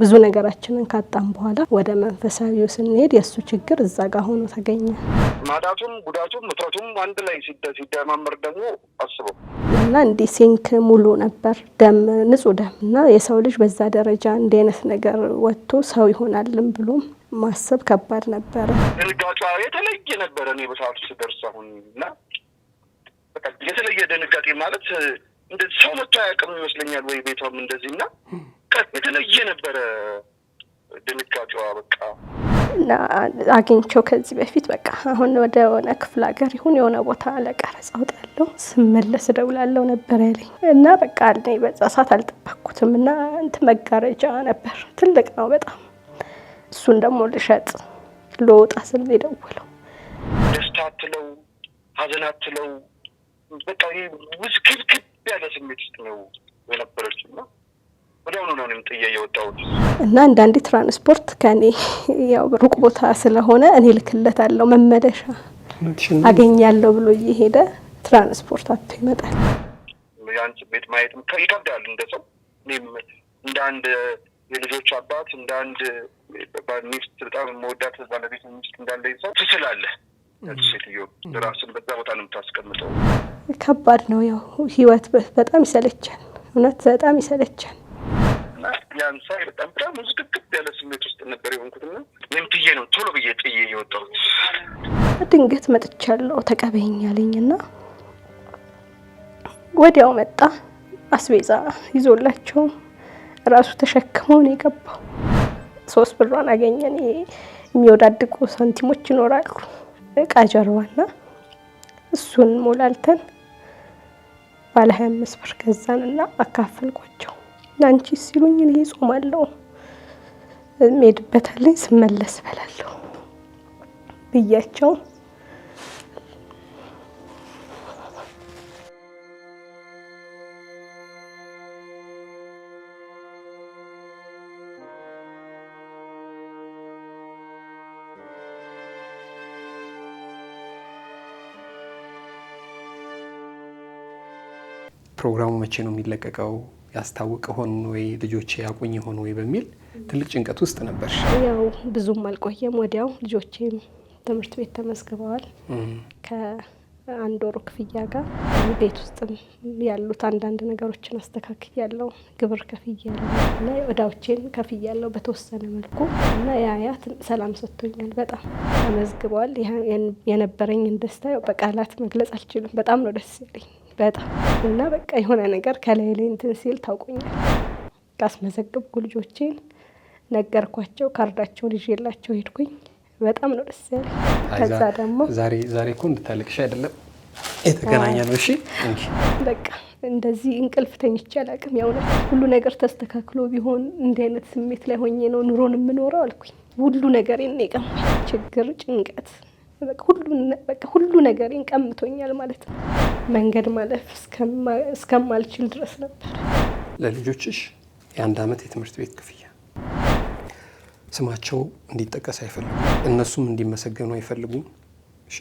ብዙ ነገራችንን ካጣም በኋላ ወደ መንፈሳዊው ስንሄድ የእሱ ችግር እዛ ጋር ሆኖ ተገኘ። ማዳቱም ጉዳቱም ውጥረቱም አንድ ላይ ሲደማመር ደግሞ አስበው እና እንዲህ ሲንክ ሙሉ ነበር ደም ንጹህ ደም እና የሰው ልጅ በዛ ደረጃ እንዲህ አይነት ነገር ወጥቶ ሰው ይሆናልም ብሎም ማሰብ ከባድ ነበረ። ድንጋጫ የተለየ ነበረ። እኔ በሰዓቱ ስደርስ አሁን እና የተለየ ድንጋጤ ማለት ሰው መቶ አያውቅም ይመስለኛል ወይ ቤቷም እንደዚህ እና የተለየ ነበረ ድንጋጤዋ። በቃ እና ከዚህ በፊት በቃ አሁን ወደ ሆነ ክፍለ ሀገር ይሁን የሆነ ቦታ ለቀረጻ እወጣለሁ ስመለስ እደውላለሁ ነበር ያለኝ እና በቃ እኔ በዛ ሰዓት አልጠበኩትም እና እንትን መጋረጃ ነበር ትልቅ ነው በጣም እሱን ደግሞ ልሸጥ ልወጣ ስል የደወለው ደስታ አትለው ሀዘን አትለው በቃ ውዝግብግብ ያለ ስሜት ውስጥ ነው የነበረች እና ወዲያውኑ ነው እኔም ጥዬ የወጣሁት እና አንዳንዴ ትራንስፖርት ከኔ ያው ሩቅ ቦታ ስለሆነ እኔ ልክለታለሁ መመለሻ አገኛለሁ ብሎ እየሄደ ትራንስፖርት አቶ ይመጣል። የአንቺ ቤት ማየትም ይከብዳል። እንደ ሰው እኔም እንደ አንድ የልጆች አባት እንደ አንድ ሚስት በጣም መወዳት ባለቤት ሚስት እንዳለ ሰው ትስላለህ። ሴትዮ ራስን በዛ ቦታ ነው የምታስቀምጠው። ከባድ ነው ያው ህይወት በጣም ይሰለቻል። እውነት በጣም ይሰለቻል። እና ያን ሳይ በጣም በጣም ውዝግብግብ ያለ ስሜት ውስጥ ነበር የሆንኩት። እና ምን ነው ቶሎ ብዬ ጥዬ የወጣሁት። ድንገት መጥቻለሁ ተቀበይኝ አለኝ እና ወዲያው መጣ። አስቤዛ ይዞላቸው ራሱ ተሸክመው የገባው። ሶስት ብሯን አገኘን። የሚወዳድቁ ሳንቲሞች ይኖራሉ እቃ ጀርባና እሱን ሞላልተን ባለ ሀያ አምስት ብር ገዛን እና አካፈልኳቸው። ለአንቺ ሲሉኝ እኔ እጾማለሁ፣ እሄድበታለሁ፣ ስመለስ እበላለሁ ብያቸው ፕሮግራሙ መቼ ነው የሚለቀቀው? ያስታውቅ ሆን ወይ ልጆቼ ያቁኝ ሆን ወይ በሚል ትልቅ ጭንቀት ውስጥ ነበር። ያው ብዙም አልቆየም። ወዲያው ልጆቼም ትምህርት ቤት ተመዝግበዋል። ከአንድ ወሩ ክፍያ ጋር ቤት ውስጥም ያሉት አንዳንድ ነገሮችን አስተካክል ያለው ግብር ከፍያ ያለው እና እዳዎቼን ከፍያ ያለው በተወሰነ መልኩ እና ያያ ሰላም ሰጥቶኛል። በጣም ተመዝግበዋል። የነበረኝን ደስታ በቃላት መግለጽ አልችልም። በጣም ነው ደስ ያለኝ። በጣም እና በቃ የሆነ ነገር ከላይ ላይ እንትን ሲል ታውቁኛል። አስመዘገብኩ ልጆቼን ነገርኳቸው። ካርዳቸውን ይዤላቸው ሄድኩኝ። በጣም ነው ደስ ያለ። ከዛ ደግሞ ዛሬ እኮ እንድታለቅሽ አይደለም የተገናኘ ነው። እሺ በቃ እንደዚህ እንቅልፍ ተኝቼ አላቅም። ያው ሁሉ ነገር ተስተካክሎ ቢሆን እንዲህ አይነት ስሜት ላይ ሆኜ ነው ኑሮን የምኖረው አልኩኝ። ሁሉ ነገሬን ቀማ ችግር፣ ጭንቀት ሁሉ ነገሬን ቀምቶኛል ማለት ነው። መንገድ ማለፍ እስከማልችል ድረስ ነበር። ለልጆችሽ የአንድ ዓመት የትምህርት ቤት ክፍያ ስማቸው እንዲጠቀስ አይፈልጉም። እነሱም እንዲመሰገኑ አይፈልጉም። እሺ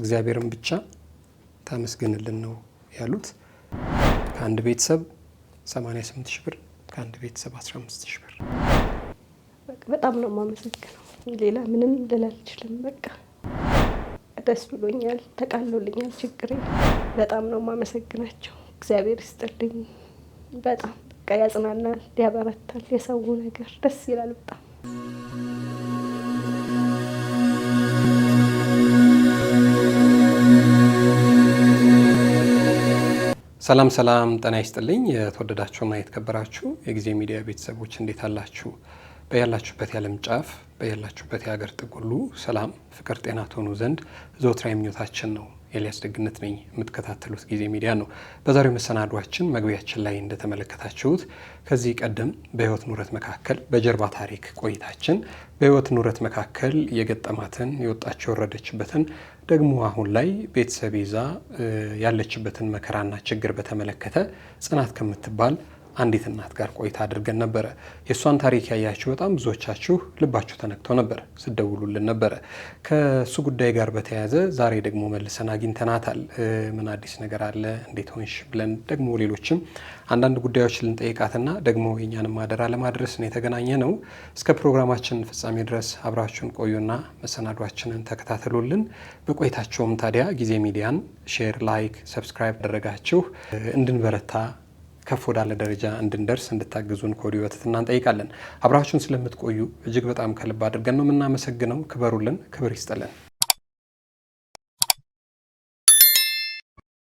እግዚአብሔርን ብቻ ታመስግንልን ነው ያሉት። ከአንድ ቤተሰብ 88 ሺህ ብር፣ ከአንድ ቤተሰብ 15 ሺህ ብር። በጣም ነው የማመሰግነው። ሌላ ምንም ልል አልችልም። በቃ ደስ ብሎኛል፣ ተቃሎልኛል ችግሬ በጣም ነው የማመሰግናቸው። እግዚአብሔር ይስጥልኝ። በጣም በቃ ያጽናናል፣ ያበረታል። የሰው ነገር ደስ ይላል በጣም ሰላም ሰላም፣ ጤና ይስጥልኝ። የተወደዳችሁና የተከበራችሁ የጊዜ ሚዲያ ቤተሰቦች እንዴት አላችሁ? በያላችሁበት የዓለም ጫፍ በያላችሁበት የሀገር ጥጉሉ ሰላም፣ ፍቅር፣ ጤና ትሆኑ ዘንድ ዘወትር ምኞታችን ነው። ኤልያስ ደግነት ነኝ። የምትከታተሉት ጊዜ ሚዲያ ነው። በዛሬው መሰናዷችን መግቢያችን ላይ እንደተመለከታችሁት ከዚህ ቀደም በህይወት ኑረት መካከል በጀርባ ታሪክ ቆይታችን በህይወት ኑረት መካከል የገጠማትን የወጣች የወረደችበትን ደግሞ አሁን ላይ ቤተሰብ ይዛ ያለችበትን መከራና ችግር በተመለከተ ጽናት ከምትባል አንዲት እናት ጋር ቆይታ አድርገን ነበረ። የእሷን ታሪክ ያያችሁ በጣም ብዙዎቻችሁ ልባችሁ ተነክተው ነበር፣ ስደውሉልን ነበረ። ከእሱ ጉዳይ ጋር በተያያዘ ዛሬ ደግሞ መልሰን አግኝተናታል። ምን አዲስ ነገር አለ፣ እንዴት ሆንሽ ብለን ደግሞ ሌሎችም አንዳንድ ጉዳዮች ልንጠይቃትና ደግሞ የእኛንም አደራ ለማድረስ ነው የተገናኘ ነው። እስከ ፕሮግራማችን ፍጻሜ ድረስ አብራችሁን ቆዩና መሰናዷችንን ተከታተሉልን። በቆይታቸውም ታዲያ ጊዜ ሚዲያን ሼር፣ ላይክ፣ ሰብስክራይብ ያደረጋችሁ እንድንበረታ ከፍ ወዳለ ደረጃ እንድንደርስ እንድታግዙን ከወዲሁ በትህትና እንጠይቃለን። አብራችሁን ስለምትቆዩ እጅግ በጣም ከልብ አድርገን ነው የምናመሰግነው። ክበሩልን፣ ክብር ይስጥልን።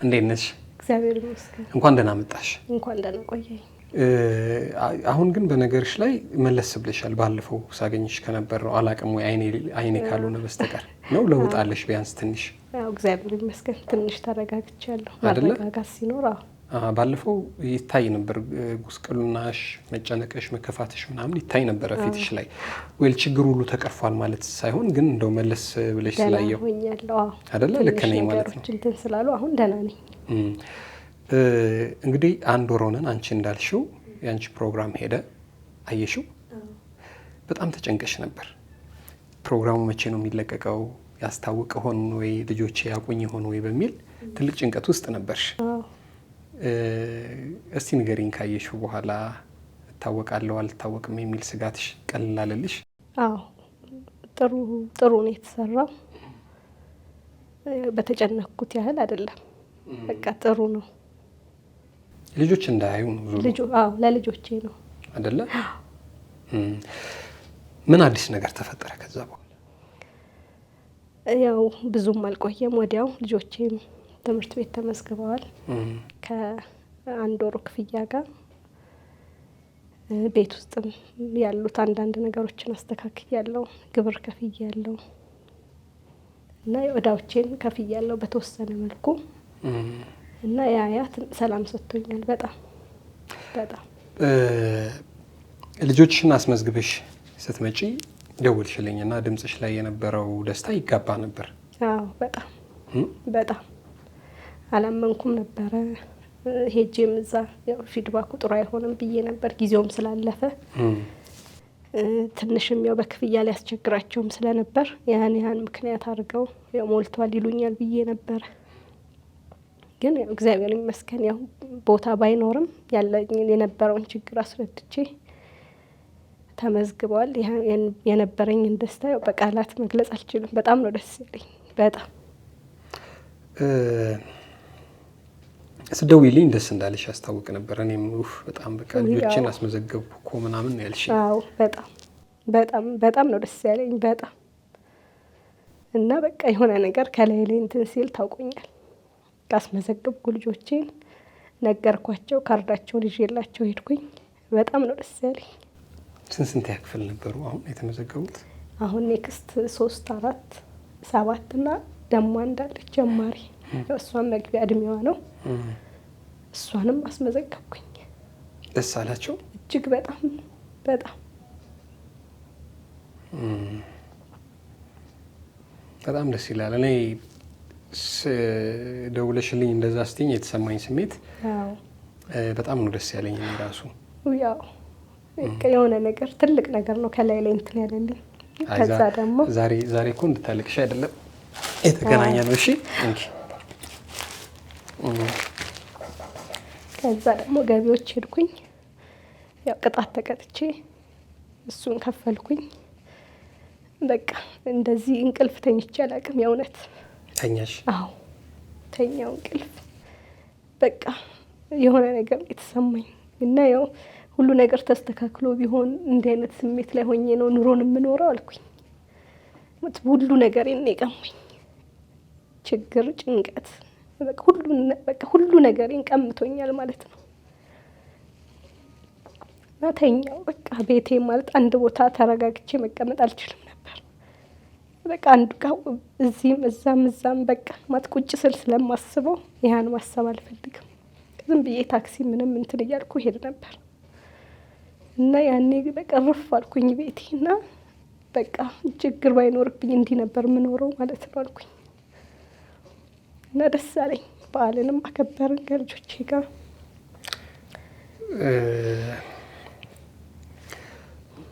እንዴት ነሽ? እግዚአብሔር ይመስገን። እንኳን ደህና መጣሽ። እንኳን ደህና ቆየኝ። አሁን ግን በነገርሽ ላይ መለስ ብለሻል። ባለፈው ሳገኝሽ ከነበረው አላቅም ወይ አይኔ ካልሆነ በስተቀር ነው ለውጣለሽ ቢያንስ ትንሽ። እግዚአብሔር ይመስገን ትንሽ ተረጋግቻለሁ። መረጋጋት ሲኖር ባለፈው ይታይ ነበር ጉስቅልናሽ፣ መጨነቀሽ፣ መከፋትሽ ምናምን ይታይ ነበረ ፊትሽ ላይ። ወይል ችግር ሁሉ ተቀርፏል ማለት ሳይሆን ግን እንደው መለስ ብለሽ ስላየው አደለ ልክ ነኝ ማለት ነው እንትን ስላሉ አሁን ደህና ነኝ። እንግዲህ አንድ ወር ሆነን አንቺ እንዳልሽው የአንቺ ፕሮግራም ሄደ አየሽው። በጣም ተጨንቀሽ ነበር። ፕሮግራሙ መቼ ነው የሚለቀቀው ያስታውቅ ሆን ወይ ልጆቼ ያቁኝ ሆን ወይ በሚል ትልቅ ጭንቀት ውስጥ ነበርሽ። እስቲ ንገሪኝ፣ ካየሽው በኋላ እታወቃለሁ አልታወቅም የሚል ስጋትሽ ቀልል አለልሽ? አዎ ጥሩ ጥሩ ነው የተሰራው። በተጨነኩት ያህል አይደለም። በቃ ጥሩ ነው። ልጆች እንዳያዩ ነው። አዎ ለልጆቼ ነው አይደለ? ምን አዲስ ነገር ተፈጠረ ከዛ በኋላ? ያው ብዙም አልቆየም፣ ወዲያው ነው። ትምህርት ቤት ተመዝግበዋል ከአንድ ወሩ ክፍያ ጋር። ቤት ውስጥም ያሉት አንዳንድ ነገሮችን አስተካክል ያለው ግብር ከፍያ ያለው እና እዳዎቼን ከፍያ ያለው በተወሰነ መልኩ እና የአያት ሰላም ሰጥቶኛል። በጣም በጣም ልጆችሽን አስመዝግበሽ ስትመጪ ደውልሽልኝ እና ድምጽሽ ላይ የነበረው ደስታ ይጋባ ነበር። አዎ በጣም በጣም አላመንኩም ነበረ። ሄጄም እዛ ያው ፊድባኩ ጥሩ አይሆንም ብዬ ነበር። ጊዜውም ስላለፈ ትንሽም ያው በክፍያ ሊያስቸግራቸውም ስለነበር ያን ያን ምክንያት አድርገው ያው ሞልቷል ይሉኛል ብዬ ነበረ። ግን ያው እግዚአብሔር ይመስገን ያው ቦታ ባይኖርም ያለኝን የነበረውን ችግር አስረድቼ ተመዝግበዋል። የነበረኝን ደስታ ያው በቃላት መግለጽ አልችልም። በጣም ነው ደስ ያለኝ በጣም ስደውይልኝ ደስ እንዳለሽ ያስታውቅ ነበር። እኔም ውፍ በጣም በቃ ልጆችን አስመዘገብኩ እኮ ምናምን ያልሽ። በጣም በጣም በጣም ነው ደስ ያለኝ በጣም እና በቃ የሆነ ነገር ከላይ ላይ እንትን ሲል ታውቆኛል። አስመዘገብኩ ልጆቼን፣ ነገርኳቸው፣ ካርዳቸውን ይዤላቸው ሄድኩኝ። በጣም ነው ደስ ያለኝ። ስንት ስንት ያክፍል ነበሩ አሁን የተመዘገቡት? አሁን ኔክስት ሶስት አራት ሰባት እና ደሞ አንዳለች ጀማሪ እሷን መግቢያ እድሜዋ ነው። እሷንም አስመዘገብኩኝ። ደስ አላቸው እጅግ በጣም በጣም በጣም ደስ ይላል። እኔ ደውለሽልኝ እንደዛ ስትኝ የተሰማኝ ስሜት በጣም ነው ደስ ያለኝ። ራሱ ያው የሆነ ነገር ትልቅ ነገር ነው ከላይ ላይ እንትን ያለልኝ። ከዛ ደግሞ ዛሬ ዛሬ እኮ እንድታለቅሽ አይደለም የተገናኘ ነው። እሺ ከዛ ደግሞ ገቢዎች ሄድኩኝ። ያው ቅጣት ተቀጥቼ እሱን ከፈልኩኝ። በቃ እንደዚህ እንቅልፍ ተኝቼ አላቅም። የእውነት ተኛሽ? አዎ ተኛው እንቅልፍ በቃ የሆነ ነገር የተሰማኝ እና ያው ሁሉ ነገር ተስተካክሎ ቢሆን እንዲህ አይነት ስሜት ላይ ሆኜ ነው ኑሮን የምኖረው አልኩኝ። ሁሉ ነገር ነገሬን የቀማኝ ችግር፣ ጭንቀት በቃ ሁሉ ነገሬን ቀምቶኛል ማለት ነው። እና ተኛው በቃ ቤቴ ማለት አንድ ቦታ ተረጋግቼ መቀመጥ አልችልም ነበር። በቃ አንዱ ጋ እዚህም እዛም እዛም በቃ ማት ቁጭ ስል ስለማስበው ይህን ማሰብ አልፈልግም። ዝም ብዬ ታክሲ ምንም እንትን እያልኩ ሄድ ነበር እና ያኔ በቃ ርፍ አልኩኝ ቤቴ እና በቃ ችግር ባይኖርብኝ እንዲህ ነበር ምኖረው ማለት ነው አልኩኝ። እና ደስ አለኝ። በዓልንም አከበርን ከልጆቼ ጋር።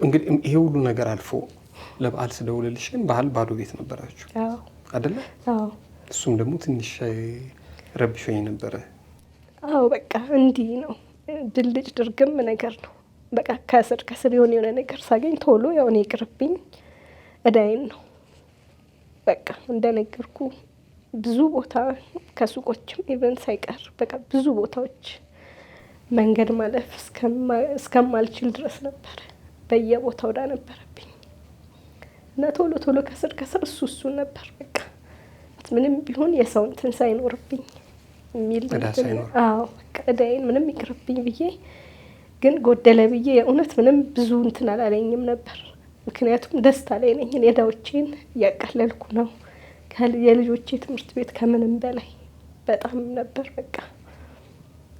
እንግዲህ ይሄ ሁሉ ነገር አልፎ ለበዓል ስደውልልሽ ግን ባዶ ቤት ነበራችሁ አደለ? እሱም ደግሞ ትንሽ ረብሾኝ ነበረ። አዎ በቃ እንዲህ ነው፣ ድልጭ ድርግም ነገር ነው። በቃ ከስር ከስር የሆነ የሆነ ነገር ሳገኝ ቶሎ ያው እኔ ይቅርብኝ፣ እዳይን ነው በቃ እንደነገርኩ ብዙ ቦታ ከሱቆችም ኢቨን ሳይቀር በቃ ብዙ ቦታዎች መንገድ ማለፍ እስከማልችል ድረስ ነበር። በየቦታው እዳ ነበረብኝ እና ቶሎ ቶሎ ከስር ከስር እሱ እሱን ነበር በቃ ምንም ቢሆን የሰው እንትን ሳይኖርብኝ የሚል ቀዳይን ምንም ይቅርብኝ ብዬ ግን ጎደለ ብዬ የእውነት ምንም ብዙ እንትን አላለኝም ነበር። ምክንያቱም ደስታ ላይ ነኝ እዳዎቼን እያቀለልኩ ነው የልጆቼ ትምህርት ቤት ከምንም በላይ በጣም ነበር በቃ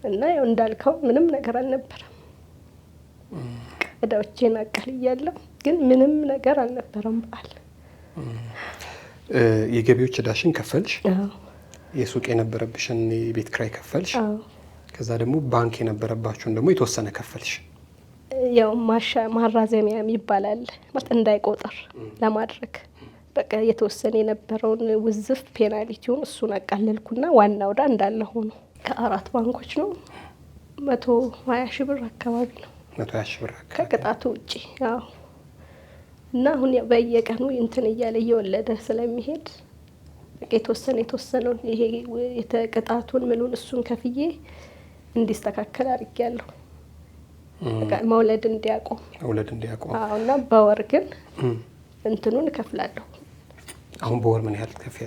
እና ያው እንዳልከው ምንም ነገር አልነበረም። ቀዳዎቼን አቀል እያለሁ ግን ምንም ነገር አልነበረም። በዓል የገቢዎች እዳሽን ከፈልሽ፣ የሱቅ የነበረብሽን የቤት ክራይ ከፈልሽ፣ ከዛ ደግሞ ባንክ የነበረባቸውን ደግሞ የተወሰነ ከፈልሽ። ያው ማራዘሚያ ይባላል ማለት እንዳይቆጥር ለማድረግ በቃ የተወሰነ የነበረውን ውዝፍ ፔናሊቲውን እሱን አቃለልኩና ዋና ወዳ እንዳለ ሆኖ ከአራት ባንኮች ነው መቶ ሀያ ሺ ብር አካባቢ ነው ከቅጣቱ ውጭ ያው እና አሁን በየቀኑ እንትን እያለ እየወለደ ስለሚሄድ በቃ የተወሰነ የተወሰነውን ይሄ የተቅጣቱን ምኑን እሱን ከፍዬ እንዲስተካከል አድርጊያለሁ። መውለድ እንዲያቆም መውለድ እንዲያቆም እና በወር ግን እንትኑን እከፍላለሁ። አሁን በወር ምን ያህል ከፍ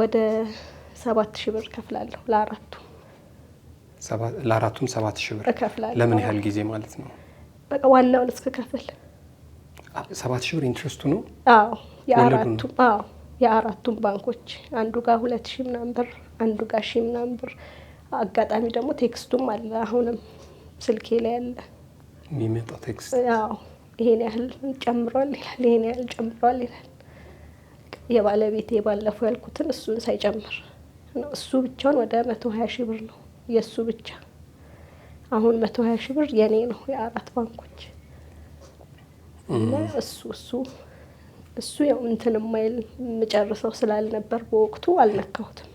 ወደ ሰባት ሺህ ብር እከፍላለሁ ለአራቱ ለአራቱም ሰባት ሺህ ብር እከፍላለሁ። ለምን ያህል ጊዜ ማለት ነው? በቃ ዋናውን እስከ ሰባት ሺህ ብር ኢንትረስቱ ነው። አዎ የአራቱም አዎ የአራቱም ባንኮች አንዱ ጋር ሁለት ሺህ ምናምን ብር፣ አንዱ ጋር ሺህ ምናምን ብር። አጋጣሚ ደግሞ ቴክስቱም አለ አሁንም ስልኬ ላይ አለ የሚመጣው ቴክስት አዎ ይሄን ያህል ጨምሯል ይላል፣ ይሄን ያህል ጨምሯል ይላል። የባለቤት የባለፈው ያልኩትን እሱን ሳይጨምር ነው። እሱ ብቻውን ወደ መቶ ሀያ ሺህ ብር ነው የእሱ ብቻ። አሁን መቶ ሀያ ሺህ ብር የኔ ነው የአራት ባንኮች እና እሱ እሱ እሱ ያው እንትን ማይል የምጨርሰው ስላልነበር በወቅቱ አልነካሁትም።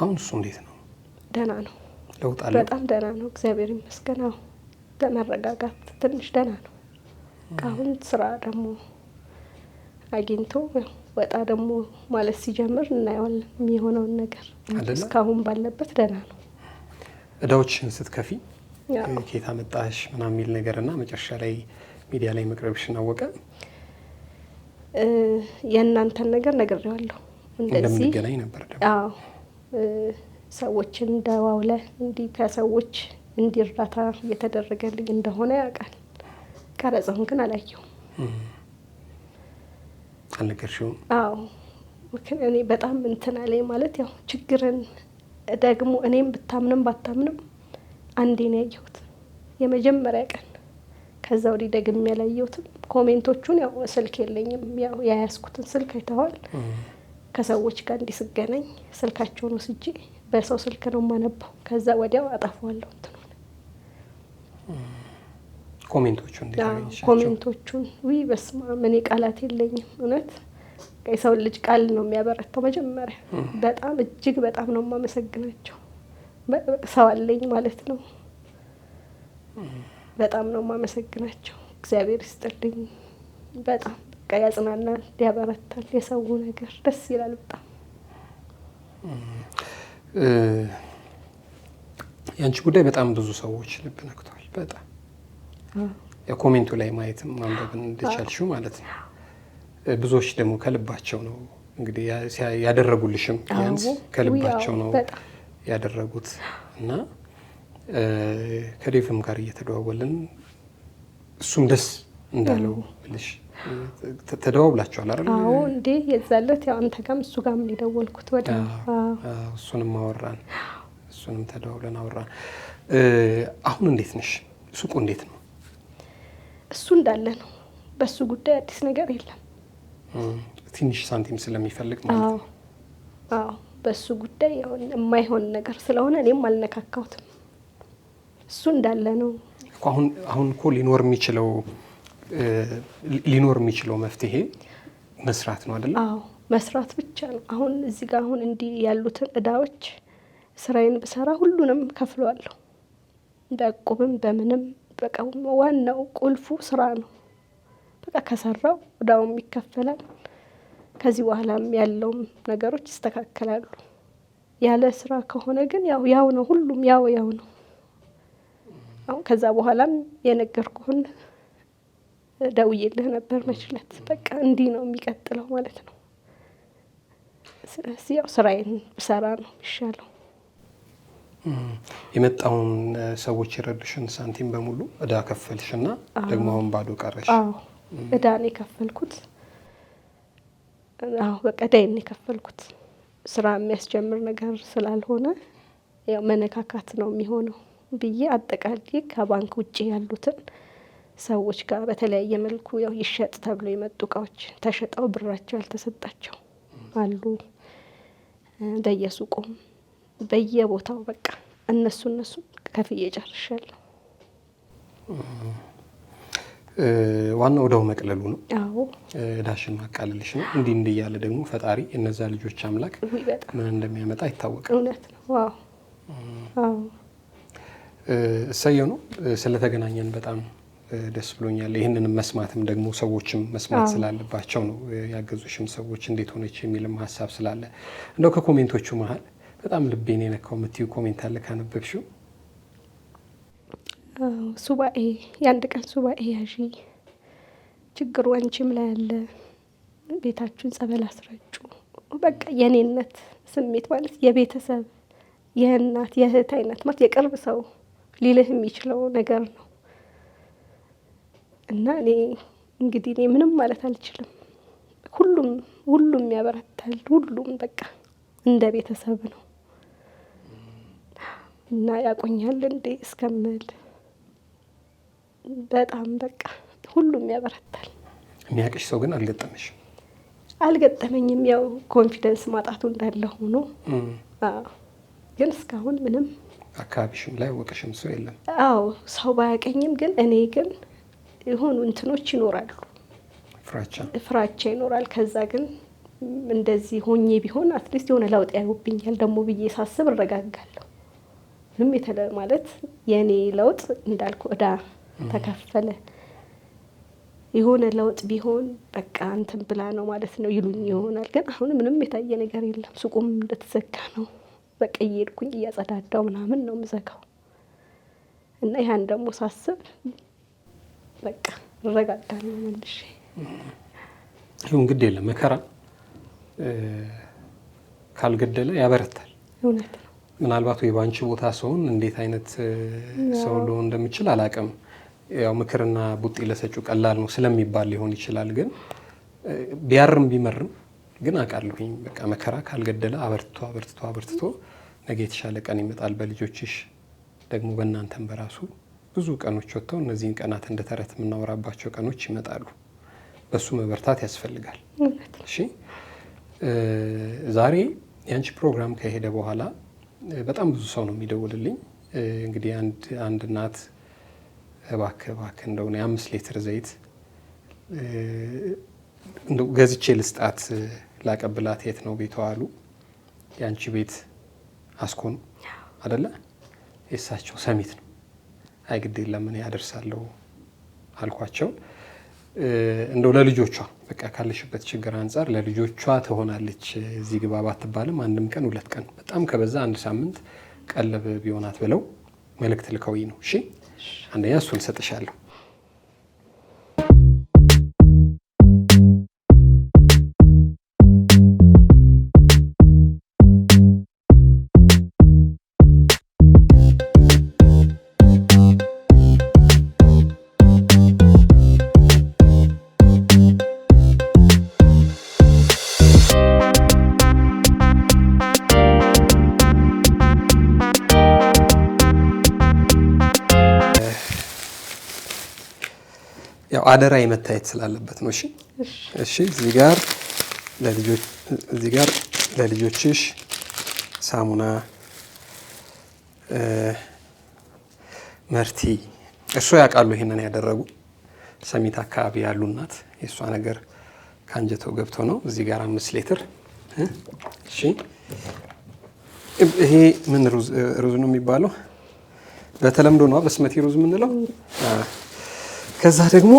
አሁን እሱ እንዴት ነው? ደህና ነው። ለውጥ አለ። በጣም ደህና ነው፣ እግዚአብሔር ይመስገን። አሁ ለመረጋጋት ትንሽ ደህና ነው። ካሁን ስራ ደግሞ አግኝቶ ወጣ ደግሞ ማለት ሲጀምር እናየዋለን የሚሆነውን ነገር። እስካሁን ባለበት ደህና ነው። እዳዎችን ስትከፊ ኬታ መጣሽ ምና የሚል ነገር እና መጨረሻ ላይ ሚዲያ ላይ መቅረብሽን አወቀ። የእናንተን ነገር ነግሬዋለሁ እንደዚህ እንደምንገናኝ ነበር ሰዎችን እንደዋውለ እንዲህ ከሰዎች እንዲህ እርዳታ እየተደረገልኝ እንደሆነ ያውቃል። ቀረጻውን ግን አላየውም። አልነገርሽውም? አዎ እኔ በጣም እንትን አለኝ ማለት ያው ችግርን ደግሞ እኔም ብታምንም ባታምንም አንዴ ነው ያየሁት የመጀመሪያ ቀን። ከዛ ወዲህ ደግሜ ያላየሁትም። ኮሜንቶቹን ያው ስልክ የለኝም፣ ያው የያዝኩትን ስልክ አይተዋል። ከሰዎች ጋር እንዲህ ስገናኝ ስልካቸውን ወስጄ በሰው ስልክ ነው የማነባው። ከዛ ወዲያው አጠፋዋለሁ እንትኑን ኮሜንቶቹን ኮሜንቶቹን ውይ በስማ እኔ ቃላት የለኝም። እውነት የሰው ልጅ ቃል ነው የሚያበረታው። መጀመሪያ በጣም እጅግ በጣም ነው የማመሰግናቸው። ሰው አለኝ ማለት ነው። በጣም ነው የማመሰግናቸው። እግዚአብሔር ይስጥልኝ። በጣም በቃ ያጽናናል፣ ያበረታል። የሰው ነገር ደስ ይላል በጣም የአንቺ ጉዳይ በጣም ብዙ ሰዎች ልብ ነክቷል። በጣም የኮሜንቱ ላይ ማየትም ማንበብን እንደቻልሽው ማለት ነው። ብዙዎች ደግሞ ከልባቸው ነው እንግዲህ ያደረጉልሽም ቢያንስ ከልባቸው ነው ያደረጉት እና ከዴቭም ጋር እየተደዋወልን እሱም ደስ እንዳለው ብልሽ ተደዋውላችኋል አይደል? አዎ እንዴ የዛለት ያው አንተ ጋም እሱ ጋም ነው የደወልኩት። ወደ እሱንም አወራን፣ እሱንም ተደዋውለን አወራን። አሁን እንዴት ነሽ? ሱቁ እንዴት ነው? እሱ እንዳለ ነው። በሱ ጉዳይ አዲስ ነገር የለም። ትንሽ ሳንቲም ስለሚፈልግ ማለት ነው። አዎ ጉዳይ የማይሆን ነገር ስለሆነ እኔም አልነካካሁትም። እሱ እንዳለ ነው። አሁን አሁን እኮ ሊኖር የሚችለው ሊኖር የሚችለው መፍትሄ መስራት ነው አይደለ አዎ መስራት ብቻ ነው። አሁን እዚህ ጋር አሁን እንዲህ ያሉትን እዳዎች ስራዬን ብሰራ ሁሉንም ከፍለዋለሁ። በእቁብም በምንም በቃ ዋናው ቁልፉ ስራ ነው። በቃ ከሰራው እዳውም ይከፈላል። ከዚህ በኋላም ያለውም ነገሮች ይስተካከላሉ። ያለ ስራ ከሆነ ግን ያው ያው ነው፣ ሁሉም ያው ያው ነው። አሁን ከዛ በኋላም የነገርኩህን ደውዬልህ ነበር መችለት በቃ እንዲህ ነው የሚቀጥለው ማለት ነው። ስለዚህ ያው ስራዬን ብሰራ ነው የሚሻለው። የመጣውን ሰዎች የረዱሽን ሳንቲም በሙሉ እዳ ከፈልሽ እና ደግሞ አሁን ባዶ ቀረሽ። እዳን የከፈልኩት አሁ በቃ እዳይን የከፈልኩት ስራ የሚያስጀምር ነገር ስላልሆነ ያው መነካካት ነው የሚሆነው ብዬ አጠቃላይ ከባንክ ውጭ ያሉትን ሰዎች ጋር በተለያየ መልኩ ያው ይሸጥ ተብሎ የመጡ እቃዎች ተሸጠው ብራቸው ያልተሰጣቸው አሉ። በየሱቁም በየቦታው በቃ እነሱ እነሱ ከፍዬ ጨርሻለሁ። ዋናው እዳው መቅለሉ ነው። አዎ እዳሽን ማቃለልሽ ነው። እንዲህ እንዲህ እያለ ደግሞ ፈጣሪ እነዛ ልጆች አምላክ ምን እንደሚያመጣ ይታወቃል። እውነት ነው። አዎ እሰየው ነው። ስለተገናኘን በጣም ደስ ብሎኛል። ይህንን መስማትም ደግሞ ሰዎችም መስማት ስላለባቸው ነው። ያገዙሽም ሰዎች እንዴት ሆነች የሚልም ሀሳብ ስላለ እንደው ከኮሜንቶቹ መሀል በጣም ልቤን የነካው የምትዩ ኮሜንት አለ ካነበብሽው? ሱባኤ የአንድ ቀን ሱባኤ ያዢ ችግሩ አንቺም ላይ ያለ ቤታችሁን ጸበል አስረጩ። በቃ የኔነት ስሜት ማለት የቤተሰብ የእናት የእህት አይነት ማለት የቅርብ ሰው ሊልህ የሚችለው ነገር ነው። እና እኔ እንግዲህ እኔ ምንም ማለት አልችልም። ሁሉም ሁሉም ያበረታል። ሁሉም በቃ እንደ ቤተሰብ ነው እና ያቆኛል እንዴ እስከምል በጣም በቃ ሁሉም ያበረታል። የሚያቅሽ ሰው ግን አልገጠመሽ? አልገጠመኝም። ያው ኮንፊደንስ ማጣቱ እንዳለ ሆኖ ግን እስካሁን ምንም አካባቢሽም ላይ ወቀሽም ሰው የለም። አዎ ሰው ባያቀኝም ግን እኔ ግን የሆኑ እንትኖች ይኖራሉ፣ ፍራቻ ይኖራል። ከዛ ግን እንደዚህ ሆኜ ቢሆን አትሊስት የሆነ ለውጥ ያዩብኛል ደግሞ ብዬ ሳስብ እረጋጋለሁ። ዝም የተለ ማለት የእኔ ለውጥ እንዳልኩ እዳ ተከፈለ የሆነ ለውጥ ቢሆን በቃ እንትን ብላ ነው ማለት ነው ይሉኝ ይሆናል። ግን አሁን ምንም የታየ ነገር የለም። ሱቁም እንደተዘጋ ነው። በቃ እየሄድኩኝ እያጸዳዳው ምናምን ነው የምዘጋው እና ያን ደግሞ ሳስብ በቃ እረጋጋለሁ መልሼ። ይሁን ግድ የለም መከራ ካልገደለ ያበረታል። እውነት ነው። ምናልባት ወይ በአንቺ ቦታ ሰውን እንዴት አይነት ሰው ልሆን እንደምችል አላቅም። ያው ምክርና ቡጢ ለሰጩ ቀላል ነው ስለሚባል ሊሆን ይችላል። ግን ቢያርም ቢመርም ግን አውቃለሁኝ በቃ መከራ ካልገደለ አበርትቶ አበርትቶ አበርትቶ ነገ የተሻለ ቀን ይመጣል። በልጆችሽ ደግሞ በእናንተም በራሱ ብዙ ቀኖች ወጥተው እነዚህን ቀናት እንደ ተረት የምናወራባቸው ቀኖች ይመጣሉ። በሱ መበርታት ያስፈልጋል። እሺ ዛሬ የአንቺ ፕሮግራም ከሄደ በኋላ በጣም ብዙ ሰው ነው የሚደውልልኝ። እንግዲህ አንድ አንድ እናት እባክህ እባክህ እንደሆነ የአምስት ሊትር ዘይት ገዝቼ ልስጣት ላቀብላት የት ነው ቤቷ አሉ። የአንቺ ቤት አስኮ ነው አደለ? የእሳቸው ሰሚት ነው አይግድ የለም እኔ ያደርሳለሁ አልኳቸው። እንደው ለልጆቿ በቃ ካለሽበት ችግር አንጻር ለልጆቿ ትሆናለች። እዚህ ግባ ባትባልም አንድም ቀን ሁለት ቀን በጣም ከበዛ አንድ ሳምንት ቀለብ ቢሆናት ብለው መልእክት ልከውኝ ነው። እሺ አንደኛ እሱን ሰጥሻለሁ አደራ የመታየት ስላለበት ነው። እሺ እሺ። እዚህ ጋር ለልጆች እዚህ ጋር ለልጆችሽ ሳሙና መርቲ እርሶ ያውቃሉ። ይሄንን ያደረጉ ሰሚት አካባቢ ያሉ እናት የእሷ ነገር ከአንጀተው ገብቶ ነው። እዚህ ጋር አምስት ሌትር እሺ። ይሄ ምን ሩዝ ነው የሚባለው? በተለምዶ ነው በስመቴ ሩዝ የምንለው። ከዛ ደግሞ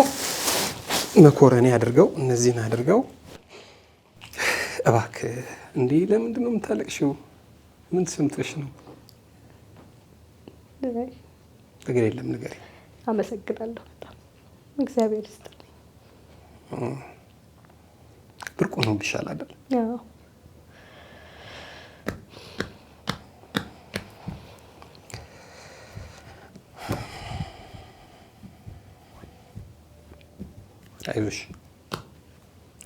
መኮረኔ አድርገው እነዚህን አድርገው። እባክ እንዲህ ለምንድን ነው የምታለቅሽው? ምን ተሰምቶሽ ነው? ነገር የለም ነገር አመሰግናለሁ። በጣም እግዚአብሔር ይስጥልኝ። ብርቁ ነው ብሻል አይደል? አይዞሽ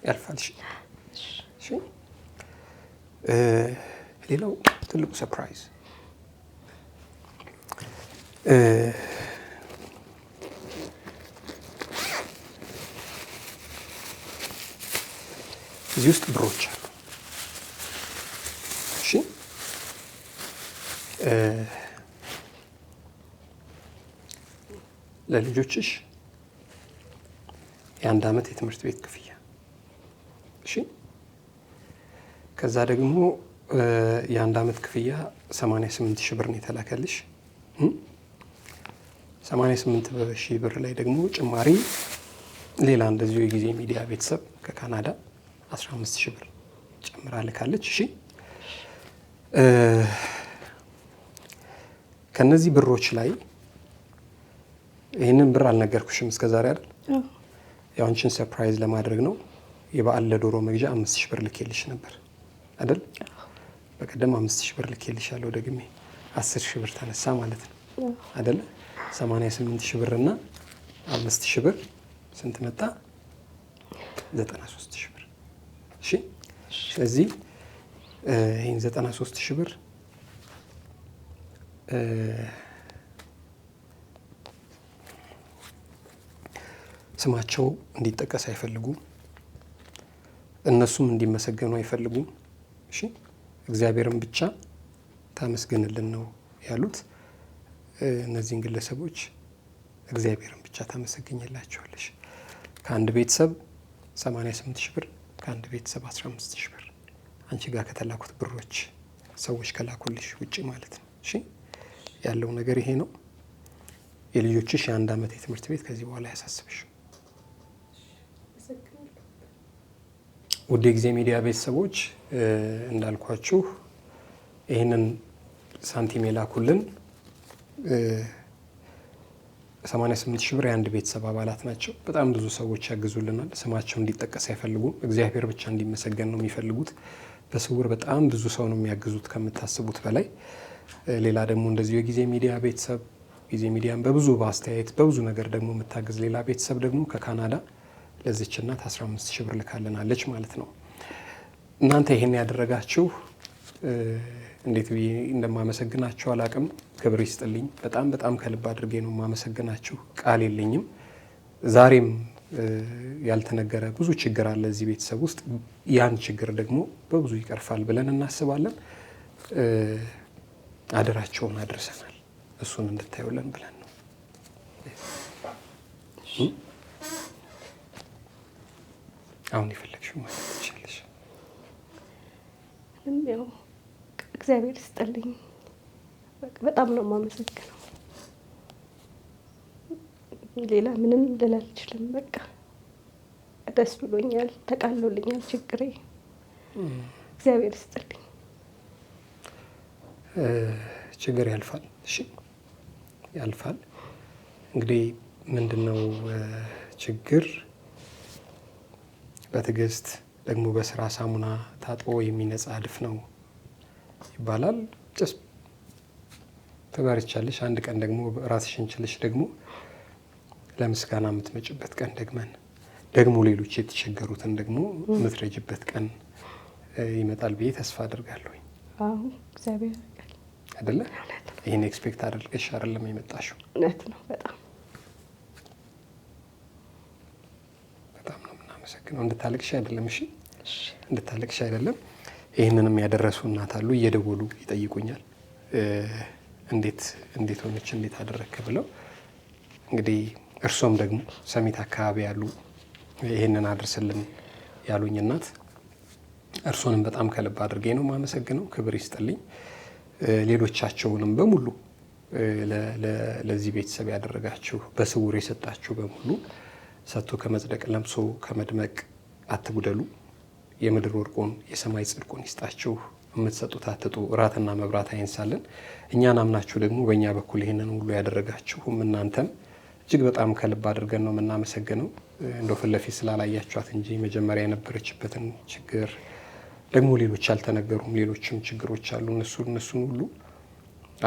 ያልፋል። ሌላው ትልቁ ሰርፕራይዝ እዚህ ውስጥ ብሮች አሉ። እሺ ለልጆችሽ የአንድ ዓመት የትምህርት ቤት ክፍያ እሺ። ከዛ ደግሞ የአንድ ዓመት ክፍያ 88 ሺህ ብር ነው የተላከልሽ። 88 ሺህ ብር ላይ ደግሞ ጭማሪ ሌላ እንደዚሁ የጊዜ ሚዲያ ቤተሰብ ከካናዳ 15 ሺህ ብር ጨምራ ልካለች። እሺ ከነዚህ ብሮች ላይ ይህንን ብር አልነገርኩሽም እስከዛሬ አይደል? ያው አንቺን ሰርፕራይዝ ለማድረግ ነው የበዓል ለዶሮ መግዣ አምስት ሺህ ብር ልኬልሽ ነበር አይደል? በቀደም አምስት ሺህ ብር ልኬልሽ ልኬልሻለሁ ደግሜ አስር ሺህ ብር ተነሳ ማለት ነው አይደል? ሰማንያ ስምንት ሺህ ብር እና አምስት ሺህ ብር ስንት መጣ? ዘጠና ሶስት ሺህ ብር። እሺ፣ ስለዚህ ይህን ዘጠና ሶስት ሺህ ብር ስማቸው እንዲጠቀስ አይፈልጉም። እነሱም እንዲመሰገኑ አይፈልጉም። እሺ እግዚአብሔርን ብቻ ታመስግንልን ነው ያሉት። እነዚህን ግለሰቦች እግዚአብሔርን ብቻ ታመሰግኝላቸዋለሽ። ከአንድ ቤተሰብ 88 ሺ ብር ከአንድ ቤተሰብ 15 ሺ ብር አንቺ ጋር ከተላኩት ብሮች ሰዎች ከላኩልሽ ውጭ ማለት ነው። እሺ ያለው ነገር ይሄ ነው። የልጆችሽ የአንድ ዓመት የትምህርት ቤት ከዚህ በኋላ ያሳስብሽ። ውድ ጊዜ ሚዲያ ቤተሰቦች እንዳልኳችሁ ይህንን ሳንቲም የላኩልን 88 ሺህ ብር የአንድ ቤተሰብ አባላት ናቸው። በጣም ብዙ ሰዎች ያግዙልናል። ስማቸው እንዲጠቀስ አይፈልጉም። እግዚአብሔር ብቻ እንዲመሰገን ነው የሚፈልጉት። በስውር በጣም ብዙ ሰው ነው የሚያግዙት ከምታስቡት በላይ። ሌላ ደግሞ እንደዚሁ የጊዜ ሚዲያ ቤተሰብ ጊዜ ሚዲያን በብዙ በአስተያየት በብዙ ነገር ደግሞ የምታግዝ ሌላ ቤተሰብ ደግሞ ከካናዳ ለዚች እናት 15 ሺህ ብር ልካልናለች ማለት ነው። እናንተ ይህን ያደረጋችሁ እንዴት ብዬ እንደማመሰግናችሁ አላቅም። ክብር ይስጥልኝ። በጣም በጣም ከልብ አድርጌ ነው የማመሰግናችሁ። ቃል የለኝም። ዛሬም ያልተነገረ ብዙ ችግር አለ እዚህ ቤተሰብ ውስጥ። ያን ችግር ደግሞ በብዙ ይቀርፋል ብለን እናስባለን። አደራቸውን አድርሰናል። እሱን እንድታዩለን ብለን ነው። አሁን የፈለግሽው ማለት ትችላለሽ። ያው እግዚአብሔር ይስጥልኝ። በጣም ነው የማመሰግነው። ሌላ ምንም ልል አልችልም። በቃ ደስ ብሎኛል፣ ተቃሎልኛል ችግሬ። እግዚአብሔር ይስጥልኝ። ችግር ያልፋል። እሺ ያልፋል። እንግዲህ ምንድን ነው ችግር በትዕግስት ደግሞ በስራ ሳሙና ታጥቦ የሚነጻ እድፍ ነው ይባላል። ጭስ ተጋርቻለሽ። አንድ ቀን ደግሞ ራስሽን ችለሽ ደግሞ ለምስጋና የምትመጭበት ቀን ደግመን ደግሞ ሌሎች የተቸገሩትን ደግሞ የምትረጅበት ቀን ይመጣል ብዬ ተስፋ አድርጋለሁ። እግዚአብሔር አይደለ ይህን ኤክስፔክት አደርገሽ አይደለም የመጣሽው። እውነት ነው በጣም አመሰግነው። እንድታለቅሽ አይደለም እሺ፣ እንድታለቅሽ አይደለም። ይህንንም ያደረሱ እናት አሉ፣ እየደወሉ ይጠይቁኛል። እንዴት እንዴት ሆነች፣ እንዴት አደረክ ብለው እንግዲህ እርሶም ደግሞ ሰሚት አካባቢ ያሉ ይህንን አድርስልን ያሉኝ እናት እርሶንም በጣም ከልብ አድርጌ ነው የማመሰግነው ክብር ይስጥልኝ። ሌሎቻቸውንም በሙሉ ለዚህ ቤተሰብ ያደረጋችሁ በስውር የሰጣችሁ በሙሉ ሰጥቶ ከመጽደቅ ለምሶ ከመድመቅ አትጉደሉ። የምድር ወርቁን የሰማይ ጽድቁን ይስጣችሁ። የምትሰጡት አትጡ፣ እራትና መብራት አይንሳልን። እኛን አምናችሁ ደግሞ በእኛ በኩል ይህንን ሁሉ ያደረጋችሁም እናንተም እጅግ በጣም ከልብ አድርገን ነው የምናመሰግነው። እንደ ፊት ለፊት ስላላያችኋት እንጂ መጀመሪያ የነበረችበትን ችግር ደግሞ ሌሎች አልተነገሩም። ሌሎችም ችግሮች አሉ። እነሱ እነሱን ሁሉ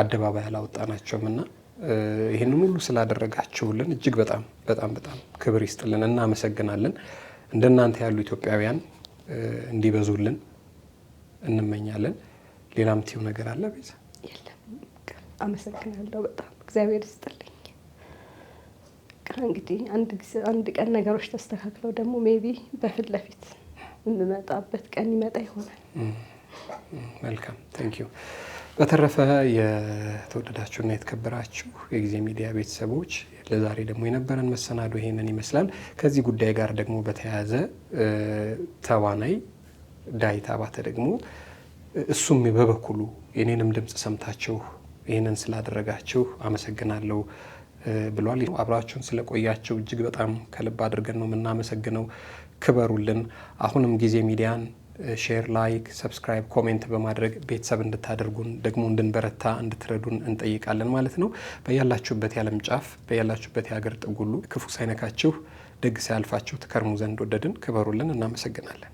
አደባባይ አላወጣናቸውም እና ይህን ሁሉ ስላደረጋችሁልን እጅግ በጣም በጣም በጣም ክብር ይስጥልን፣ እናመሰግናለን። እንደናንተ ያሉ ኢትዮጵያውያን እንዲበዙልን እንመኛለን። ሌላም ቲው ነገር አለ ቤዛ? የለም። አመሰግናለሁ በጣም እግዚአብሔር ይስጥልኝ። እንግዲህ አንድ ቀን ነገሮች ተስተካክለው ደግሞ ሜቢ በፊት ለፊት የምመጣበት ቀን ይመጣ ይሆናል። መልካም ታንኪዩ። በተረፈ የተወደዳችሁና የተከበራችሁ የጊዜ ሚዲያ ቤተሰቦች ለዛሬ ደግሞ የነበረን መሰናዶ ይሄንን ይመስላል። ከዚህ ጉዳይ ጋር ደግሞ በተያያዘ ተዋናይ ዳዊት አባተ ደግሞ እሱም በበኩሉ የኔንም ድምፅ ሰምታችሁ ይህንን ስላደረጋችሁ አመሰግናለሁ ብሏል። አብራችሁን ስለቆያችሁ እጅግ በጣም ከልብ አድርገን ነው የምናመሰግነው። ክበሩልን። አሁንም ጊዜ ሚዲያን ሼር፣ ላይክ፣ ሰብስክራይብ፣ ኮሜንት በማድረግ ቤተሰብ እንድታደርጉን ደግሞ እንድንበረታ እንድትረዱን እንጠይቃለን ማለት ነው። በያላችሁበት የዓለም ጫፍ በያላችሁበት የሀገር ጥጉሉ ክፉ ሳይነካችሁ ደግ ሳያልፋችሁ ትከርሙ ዘንድ ወደድን። ክበሩልን። እናመሰግናለን።